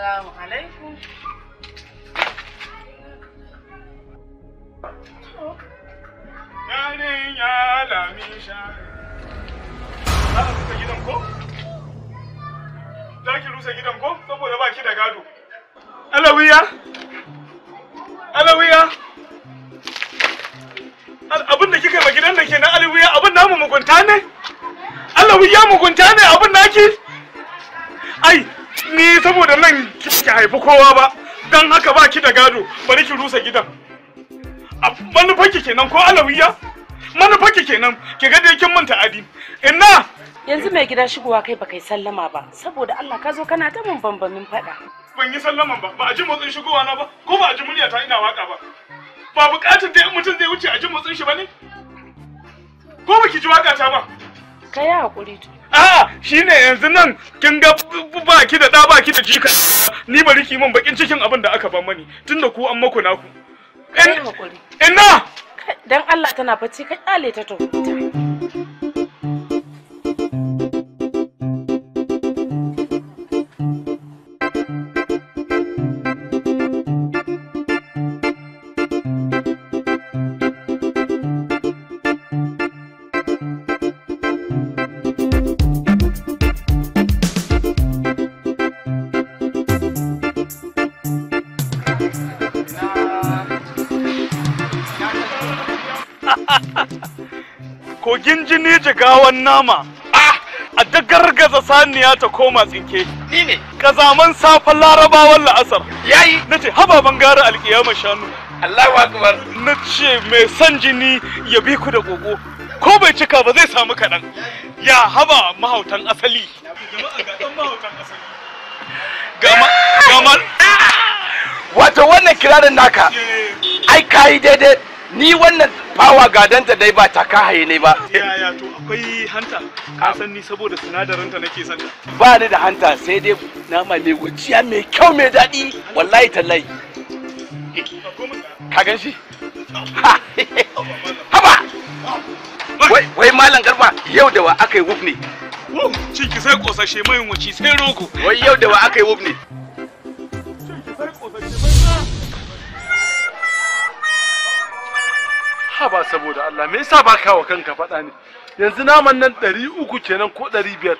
Assalamu alaikum. Yarin ya lamisha. Za ka rusa gidan ko? Za ki rusa gidan ko? Saboda ba ki da gado. Alawiya? Alawiya? Abin da kika yi ma gidan da ke na Alawiya abin namu mugunta ne? Alawiya mugunta ne ni saboda nan ki haifi kowa ba don haka ba ki da gado bari ki rusa gidan ki kenan ko alawiya ki kenan ki ga dai kin manta adi inna yanzu mai gida shigowa kai baka yi sallama ba saboda Allah ka zo kana ta mun bambamin fada ban yi sallaman ba ba a ji motsin shigowa na ba ko ba a ji murya ta ina waka ba ba bukatun dai mutum zai wuce a ji motsin shi bane ko baki ji waka ta ba kai hakuri to a'a shine yanzu nan kin ga baki da da baki da jika ni bari ki min bakin cikin abin da aka ban mani tunda ku an maku naku ina dan Allah tana bacci ka kyale ta to Kogin jini jigawan nama. A dagargaza saniya ta koma tsinke. Ni ne. Kazaman safan larabawan la'asar. Yayi. Na ce hababan gara alƙiyama shanu. Allahu akbar. Na ce mai son jini ya bi ku da gogo. Ko bai cika ba zai samu kaɗan. Ya haba mahautan asali. Gamal. Wato wannan kirarin naka. Ai kayi daidai. Ni wannan fawa gadanta dai ba ta kahaye ne ba yaya to akwai hanta ka san ni saboda sinadarinta ta nake son ba ni da hanta sai dai nama mai gujiya mai kyau mai daɗi wallahi tallahi ka gan shi haba wai malam garba yau da wa aka yi wuf ne ciki sai kosashe mai wuci sai rogo wai yau da wa aka yi wuf ne haba saboda Allah me yasa ba kawo kanka faɗa ne yanzu naman nan ɗari uku kenan ko ɗari biyar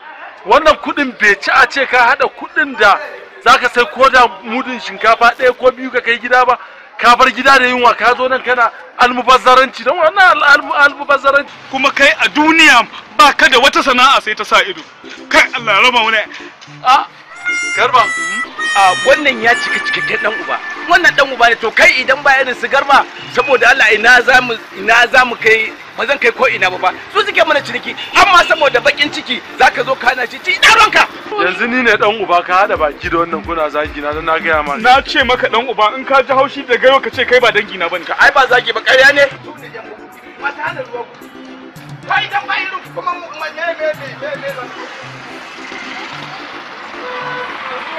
wannan kuɗin bai ci a ce ka haɗa kuɗin da zaka sai ko da mudun shinkafa ɗaya ko biyu ka kai gida ba ka bar gida da yunwa ka zo nan kana almubazzaranci don wannan almubazzaranci kuma kai a duniya ba ka da wata sana'a sai ta sa ido kai Allah ya raba wani a garba a wannan ya cika cikakken dan uba wannan dan uba ne to kai idan ba irin su garba saboda Allah ina za mu ina za mu kai ba zan kai ko ina ba ba su suke mana ciniki amma saboda bakin ciki zaka zo kana shi ci ranka yanzu ni ne dan uba ka hada baki da wannan kuna zagi na na gaya ma na ce maka dan uba in ka ji haushi da gayo ka ce kai ba dangi na bane ka ai ba zagi ba ƙarya ne